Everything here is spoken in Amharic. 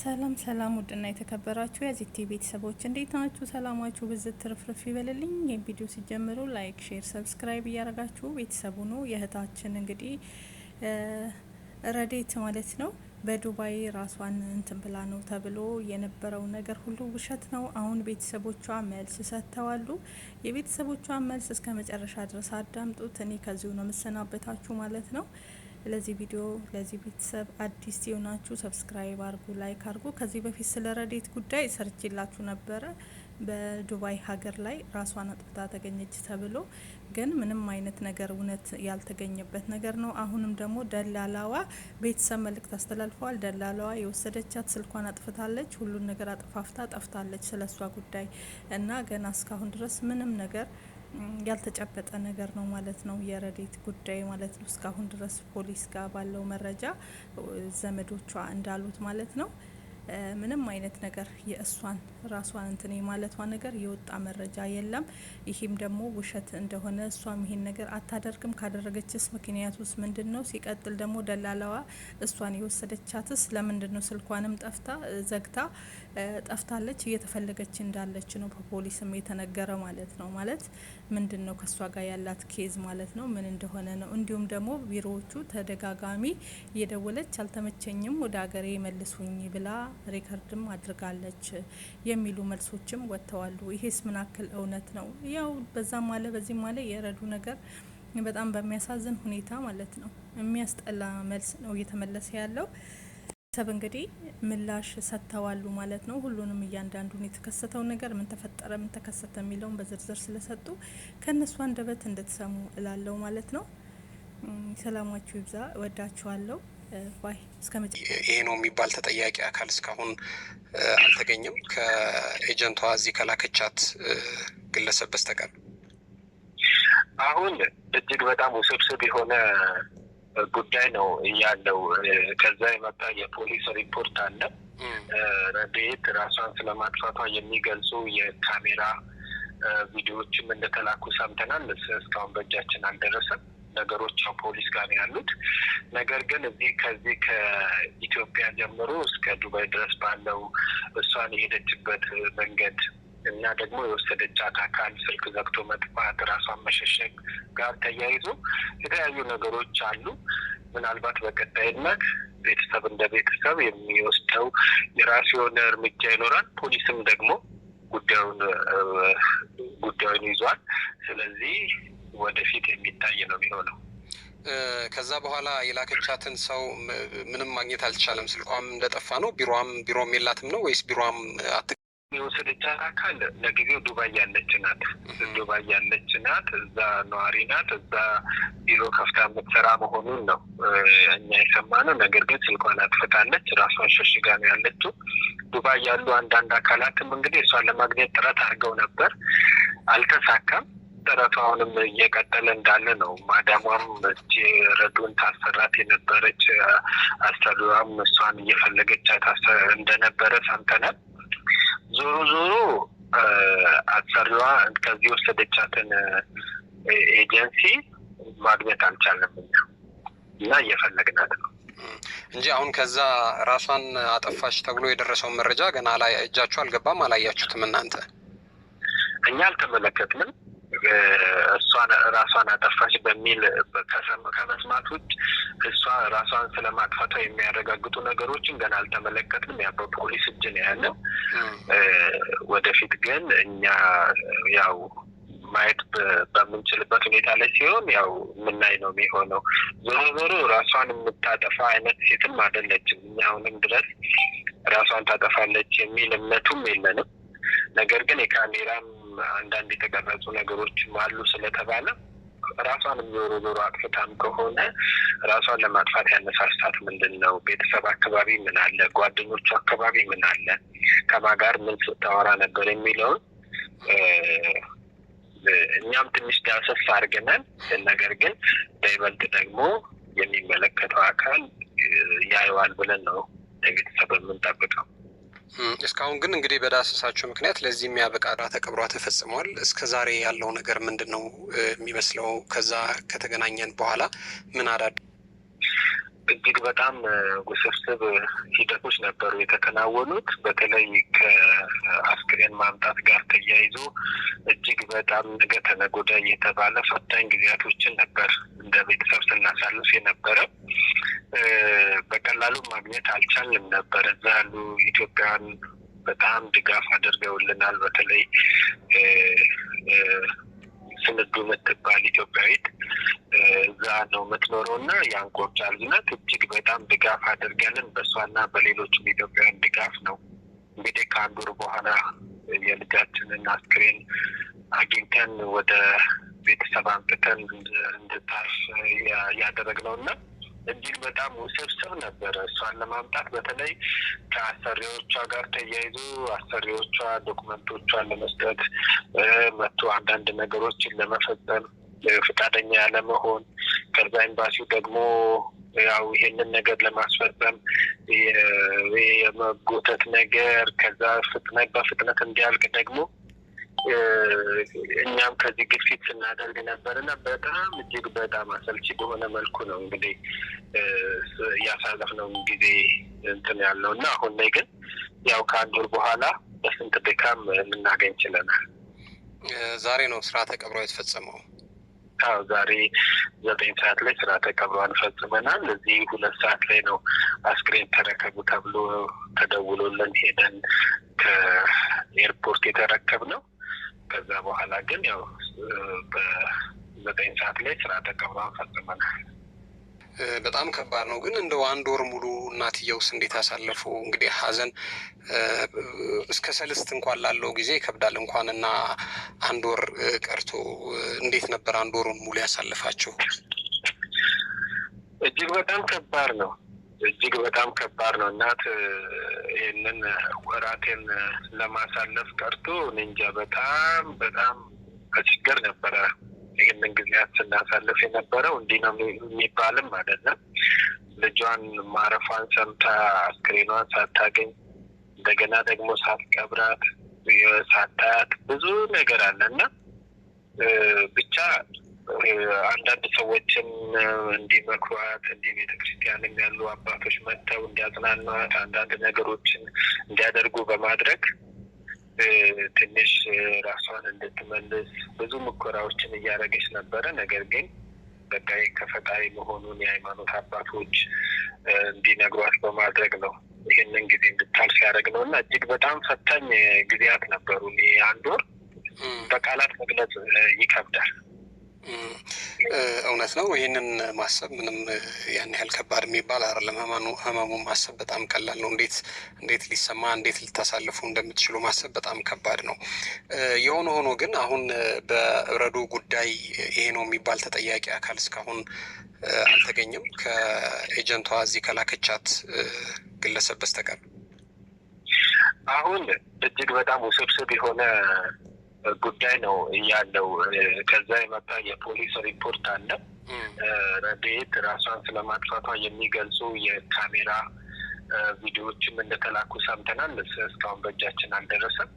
ሰላም ሰላም ውድና የተከበራችሁ የዚህ ቲቪ ቤተሰቦች እንዴት ናችሁ? ሰላማችሁ ብዝት ትርፍርፍ ይበልልኝ። ይህን ቪዲዮ ሲጀምሩ ላይክ፣ ሼር፣ ሰብስክራይብ እያደረጋችሁ ቤተሰቡ ነው። የእህታችን እንግዲህ ረዴት ማለት ነው በዱባይ ራሷን እንትን ብላ ነው ተብሎ የነበረው ነገር ሁሉ ውሸት ነው። አሁን ቤተሰቦቿ መልስ ሰጥተዋሉ። የቤተሰቦቿ መልስ እስከ መጨረሻ ድረስ አዳምጡት። እኔ ከዚሁ ነው የምሰናበታችሁ ማለት ነው። ለዚህ ቪዲዮ ለዚህ ቤተሰብ አዲስ የሆናችሁ ሰብስክራይብ አርጉ፣ ላይክ አርጉ። ከዚህ በፊት ስለ ረዴት ጉዳይ ሰርችላችሁ ነበረ። በዱባይ ሀገር ላይ ራሷን አጥፍታ ተገኘች ተብሎ ግን ምንም አይነት ነገር እውነት ያልተገኘበት ነገር ነው። አሁንም ደግሞ ደላላዋ ቤተሰብ መልእክት አስተላልፈዋል። ደላላዋ የወሰደቻት ስልኳን አጥፍታለች፣ ሁሉን ነገር አጥፋፍታ ጠፍታለች። ስለሷ ጉዳይ እና ገና እስካሁን ድረስ ምንም ነገር ያልተጨበጠ ነገር ነው ማለት ነው። የረዴት ጉዳይ ማለት ነው። እስካሁን ድረስ ፖሊስ ጋር ባለው መረጃ ዘመዶቿ እንዳሉት ማለት ነው ምንም አይነት ነገር የእሷን ራሷን እንትን የማለቷ ነገር የወጣ መረጃ የለም። ይህም ደግሞ ውሸት እንደሆነ እሷም ይሄን ነገር አታደርግም። ካደረገችስ ምክንያት ውስጥ ምንድን ነው? ሲቀጥል ደግሞ ደላላዋ እሷን የወሰደቻትስ ለምንድን ነው? ስልኳንም ጠፍታ ዘግታ ጠፍታለች። እየተፈለገች እንዳለች ነው በፖሊስም የተነገረ ማለት ነው። ማለት ምንድን ነው ከእሷ ጋር ያላት ኬዝ ማለት ነው ምን እንደሆነ ነው። እንዲሁም ደግሞ ቢሮዎቹ ተደጋጋሚ እየደወለች አልተመቸኝም፣ ወደ ሀገሬ መልሱኝ ብላ ሪከርድም አድርጋለች የሚሉ መልሶችም ወጥተዋሉ። ይሄስ ምን አክል እውነት ነው? ያው በዛም አለ በዚህም አለ የረዱ ነገር በጣም በሚያሳዝን ሁኔታ ማለት ነው የሚያስጠላ መልስ ነው እየተመለሰ ያለው። ሰብ እንግዲህ ምላሽ ሰጥተዋሉ ማለት ነው። ሁሉንም እያንዳንዱን የተከሰተው ነገር ምን ተፈጠረ፣ ምን ተከሰተ የሚለውን በዝርዝር ስለሰጡ ከእነሱ አንደበት እንድትሰሙ እላለው ማለት ነው። ሰላማችሁ ይብዛ። እወዳችኋለሁ። ይሄ ነው የሚባል ተጠያቂ አካል እስካሁን አልተገኘም ከኤጀንቷ እዚህ ከላከቻት ግለሰብ በስተቀር። አሁን እጅግ በጣም ውስብስብ የሆነ ጉዳይ ነው ያለው። ከዛ የመጣ የፖሊስ ሪፖርት አለ። ረድኤት ራሷን ስለማጥፋቷ የሚገልጹ የካሜራ ቪዲዮዎችም እንደተላኩ ሰምተናል። እስካሁን በእጃችን አልደረሰም። ነገሮች ያው ፖሊስ ጋር ያሉት ነገር ግን እዚህ ከዚህ ከኢትዮጵያ ጀምሮ እስከ ዱባይ ድረስ ባለው እሷን የሄደችበት መንገድ እና ደግሞ የወሰደቻት አካል ስልክ ዘግቶ መጥፋት፣ ራሷን መሸሸግ ጋር ተያይዞ የተለያዩ ነገሮች አሉ። ምናልባት በቀጣይነት ቤተሰብ እንደ ቤተሰብ የሚወስደው የራሱ የሆነ እርምጃ ይኖራል። ፖሊስም ደግሞ ጉዳዩን ጉዳዩን ይዟል። ስለዚህ ወደፊት የሚታይ ነው የሚሆነው። ከዛ በኋላ የላከቻትን ሰው ምንም ማግኘት አልቻለም። ስልኳም እንደጠፋ ነው። ቢሮም ቢሮም የላትም ነው ወይስ ቢሮም አት የወሰደቻት አካል ለጊዜው ዱባይ ያለች ናት። ዱባይ ያለች ናት። እዛ ነዋሪ ናት። እዛ ቢሮ ከፍታ የምትሰራ መሆኑን ነው እኛ የሰማነው። ነገር ግን ስልኳን አጥፍታለች። ራሷን ሸሽጋ ነው ያለችው። ዱባይ ያሉ አንዳንድ አካላትም እንግዲህ እሷን ለማግኘት ጥረት አድርገው ነበር፣ አልተሳካም። ጥረቱ አሁንም እየቀጠለ እንዳለ ነው። ማዳሟም እጅ ረዱን ታሰራት የነበረች አሰሪዋም እሷን እየፈለገቻት እንደነበረ ሰምተናል። ዞሮ ዞሮ አሰሪዋ ከዚህ ወሰደቻትን ኤጀንሲ ማግኘት አልቻለም እና እየፈለግናት ነው እንጂ አሁን ከዛ ራሷን አጠፋች ተብሎ የደረሰውን መረጃ ገና እጃችሁ አልገባም፣ አላያችሁትም እናንተ? እኛ አልተመለከትንም። እሷን ራሷን አጠፋች በሚል ከመስማት ውጭ እሷ ራሷን ስለማጥፋቷ የሚያረጋግጡ ነገሮችን ገና አልተመለከትም ያ በፖሊስ እጅ ነው ያለው። ወደፊት ግን እኛ ያው ማየት በምንችልበት ሁኔታ ላይ ሲሆን ያው የምናይ ነው የሚሆነው። ዞሮ ዞሮ ራሷን የምታጠፋ አይነት ሴትም አይደለችም። እኛ አሁንም ድረስ ራሷን ታጠፋለች የሚል እምነቱም የለንም። ነገር ግን የካሜራም አንዳንድ የተቀረጹ ነገሮችም አሉ ስለተባለ ራሷንም ዞሮ ዞሮ አጥፍታም ከሆነ ራሷን ለማጥፋት ያነሳሳት ምንድን ነው? ቤተሰብ አካባቢ ምን አለ? ጓደኞቹ አካባቢ ምን አለ? ከማ ጋር ምን ስታወራ ነበር የሚለውን እኛም ትንሽ ዳሰስ አድርገናል። ነገር ግን በይበልጥ ደግሞ የሚመለከተው አካል ያየዋል ብለን ነው ቤተሰብ የምንጠብቀው። እስካሁን ግን እንግዲህ በዳሰሳቸው ምክንያት ለዚህ የሚያበቃ ተቀብሯ ተፈጽሟል። እስከ ዛሬ ያለው ነገር ምንድን ነው የሚመስለው? ከዛ ከተገናኘን በኋላ ምን አዳድ እጅግ በጣም ውስብስብ ሂደቶች ነበሩ የተከናወኑት። በተለይ ከአስክሬን ማምጣት ጋር ተያይዞ እጅግ በጣም ነገ ተነገ እየተባለ ፈታኝ ጊዜያቶችን ነበር እንደ ቤተሰብ ስናሳልፍ የነበረ። በቀላሉ ማግኘት አልቻልም ነበር። እዛ ያሉ ኢትዮጵያውያን በጣም ድጋፍ አድርገውልናል። በተለይ ስንዱ የምትባል ኢትዮጵያዊት እዛ ነው የምትኖረው እና የአንኮር ቻርጅ ናት። እጅግ በጣም ድጋፍ አድርገልን በእሷና በሌሎችም ኢትዮጵያውያን ድጋፍ ነው እንግዲህ ከአንድ ወር በኋላ የልጃችንን አስክሬን አግኝተን ወደ ቤተሰብ አምጥተን እንድታርፍ ያደረግነው እና እጅግ በጣም ውስብስብ ነበረ። እሷን ለማምጣት በተለይ ከአሰሪዎቿ ጋር ተያይዞ አሰሪዎቿ ዶኩመንቶቿን ለመስጠት መቶ አንዳንድ ነገሮችን ለመፈጸም ፈቃደኛ ያለመሆን ከዛ ኤምባሲው ደግሞ ያው ይሄንን ነገር ለማስፈጸም የመጎተት ነገር ከዛ ፍጥነት በፍጥነት እንዲያልቅ ደግሞ እኛም ከዚህ ግፊት ስናደርግ ነበር እና በጣም እጅግ በጣም አሰልቺ በሆነ መልኩ ነው እንግዲህ እያሳለፍነው ጊዜ እንትን ያለው እና አሁን ላይ ግን ያው ከአንድ ወር በኋላ በስንት ድካም ልናገኝ ችለናል። ዛሬ ነው ስራ ተቀብሮ የተፈጸመው። አዎ ዛሬ ዘጠኝ ሰዓት ላይ ስራ ቀብሯን ፈጽመናል። እዚህ ሁለት ሰዓት ላይ ነው አስክሬን ተረከቡ ተብሎ ተደውሎልን ሄደን ከኤርፖርት የተረከብ ነው። ከዛ በኋላ ግን ያው በዘጠኝ ሰዓት ላይ ስራ ቀብሯን ፈጽመናል። በጣም ከባድ ነው። ግን እንደው አንድ ወር ሙሉ እናትየውስ እንዴት አሳለፉ? እንግዲህ ሀዘን እስከ ሰልስት እንኳን ላለው ጊዜ ይከብዳል። እንኳን እና አንድ ወር ቀርቶ እንዴት ነበር አንድ ወሩን ሙሉ ያሳልፋችሁ? እጅግ በጣም ከባድ ነው። እጅግ በጣም ከባድ ነው። እናት ይህንን ወራቴን ለማሳለፍ ቀርቶ ንንጃ እንጃ በጣም በጣም በችግር ነበረ ይህንን ጊዜያት ስናሳልፍ የነበረው እንዲህ ነው የሚባልም አይደለም። ልጇን ማረፏን ሰምታ አስክሬኗን ሳታገኝ እንደገና ደግሞ ሳትቀብራት ሳታያት ብዙ ነገር አለ እና ብቻ አንዳንድ ሰዎችም እንዲመክሯት እንዲህ ቤተክርስቲያንም ያሉ አባቶች መጥተው እንዲያጽናኗት አንዳንድ ነገሮችን እንዲያደርጉ በማድረግ ትንሽ ራሷን እንድትመልስ ብዙ ምኮራዎችን እያደረገች ነበረ። ነገር ግን በቃ ከፈጣሪ መሆኑን የሃይማኖት አባቶች እንዲነግሯት በማድረግ ነው ይህንን ጊዜ እንድታልፍ ያደረግ ነው እና እጅግ በጣም ፈታኝ ጊዜያት ነበሩ። አንድ ወር በቃላት መግለጽ ይከብዳል። እውነት ነው። ይህንን ማሰብ ምንም ያን ያህል ከባድ የሚባል አይደለም። ህመሙን ማሰብ በጣም ቀላል ነው። እንዴት እንዴት ሊሰማ እንዴት ልታሳልፉ እንደምትችሉ ማሰብ በጣም ከባድ ነው። የሆነ ሆኖ ግን አሁን በረዶ ጉዳይ ይሄ ነው የሚባል ተጠያቂ አካል እስካሁን አልተገኘም ከኤጀንቷ እዚህ ከላከቻት ግለሰብ በስተቀር። አሁን እጅግ በጣም ውስብስብ የሆነ ጉዳይ ነው ያለው። ከዛ የመጣ የፖሊስ ሪፖርት አለ። ረድኤት ራሷን ስለማጥፋቷ የሚገልጹ የካሜራ ቪዲዮዎችም እንደተላኩ ሰምተናል። እስካሁን በእጃችን አልደረሰም።